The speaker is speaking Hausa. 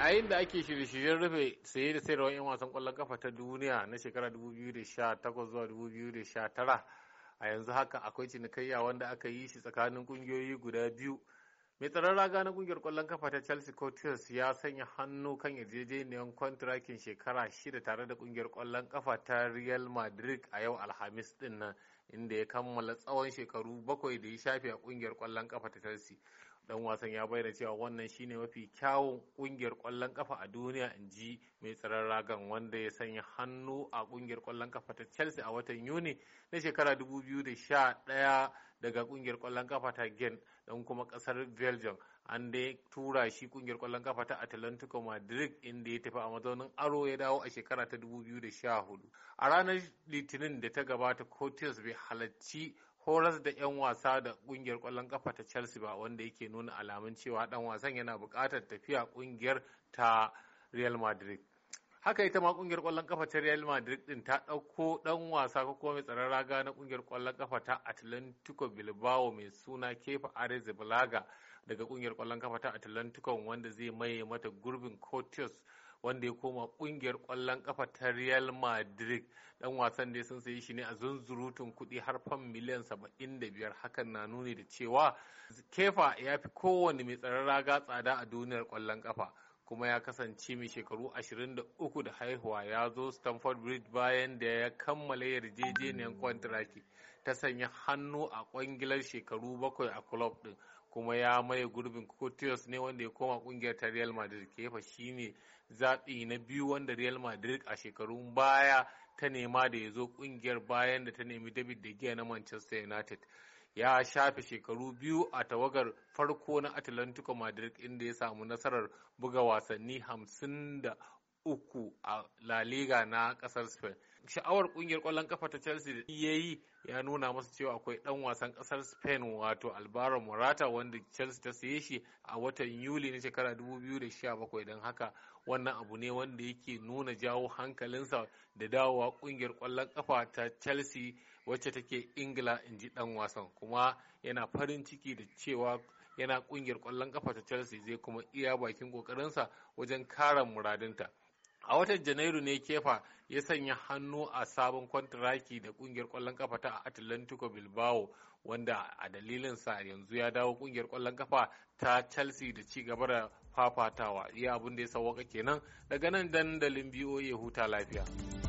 a yayin da ake shirye-shiryen rufe saye da sayarwa 'yan wasan kwallon kafa ta duniya na shekara 2018 zuwa 2019 a yanzu haka akwai cinikayya wanda aka yi shi tsakanin kungiyoyi guda biyu mai tsaron raga na kungiyar kwallon kafa ta chelsea courtiers ya sanya hannu kan yarjejeniyar kwantirakin shekara shida tare da kungiyar kwallon kafa ta real madrid a yau alhamis din inda ya kammala tsawon shekaru bakwai da ya shafe a kungiyar kwallon kafa ta chelsea dan wasan ya bayyana cewa wannan shine mafi kyawun kungiyar kwallon kafa a duniya in ji mai tsaron ragan wanda ya sanya hannu a kungiyar kwallon kafa ta chelsea a watan yuni na shekara 2011 daga kungiyar kwallon kafa ta gen dan kuma kasar belgium an da ya tura shi kungiyar kwallon kafa ta atlantico madrid inda ya tafi a mazaunin aro ya dawo a shekara ta 2014 a ranar litinin da ta gabata cotes bai halarci horas da 'yan wasa da kungiyar kwallon kafa ta Chelsea ba wanda yake nuna alamun cewa dan wasan yana bukatar tafiya kungiyar ta Real Madrid. Haka ita ma kungiyar kwallon kafa ta Real Madrid din ta ɗauko dan wasa ko kuma mai tsaron raga na kungiyar kwallon kafa ta Atlantico Bilbao mai suna kefa balaga daga kungiyar kwallon kafa ta Atlantico wanda zai maye mata gurbin courtiers wanda ya koma kungiyar kwallon kafa ta Real Madrid dan wasan da sun sai shi ne a zunzurutun kuɗi har fan miliyan 75 hakan na nuni da cewa Kefa ya fi kowane mai tsaron raga tsada a duniyar kwallon kafa kuma ya kasance mai shekaru 23 da haihuwa ya zo Stamford Bridge bayan da ya kammala yarjejeniyar kwantiraki ta sanya hannu a kwangilar shekaru bakwai a club din kuma ya maye gurbin kotios ne wanda ya koma kungiyar ta Real Madrid kefa ne zaɓi na biyu wanda Real Madrid a shekarun baya ta nema da ya zo kungiyar bayan da ta nemi David De Gea na Manchester United. ya shafe shekaru biyu a tawagar farko na Atlantico Madrid inda ya samu nasarar buga wasanni hamsin da uku a La Liga na kasar Spain. Sha'awar kungiyar kwallon kafa ta Chelsea da yi ya nuna masa cewa akwai dan wasan kasar Spain wato Alvaro Morata wanda Chelsea ta saye shi a watan Yuli na shekara 2017 don haka wannan abu ne wanda yake nuna jawo hankalinsa da dawowa kungiyar kwallon kafa ta Chelsea wacce take Ingila in ji dan wasan kuma yana farin ciki da cewa yana kungiyar kwallon kafa ta Chelsea zai kuma iya bakin kokarinsa wajen kara muradinta. a watan janairu ne kefa ya sanya hannu a sabon kwantiraki da kungiyar kwallon kafa ta atlantico bilbao wanda a dalilin sa yanzu ya dawo kungiyar kwallon kafa ta chelsea da ci gaba da fafatawa iya abin da ya sauwaka kenan daga nan dandalin ya huta lafiya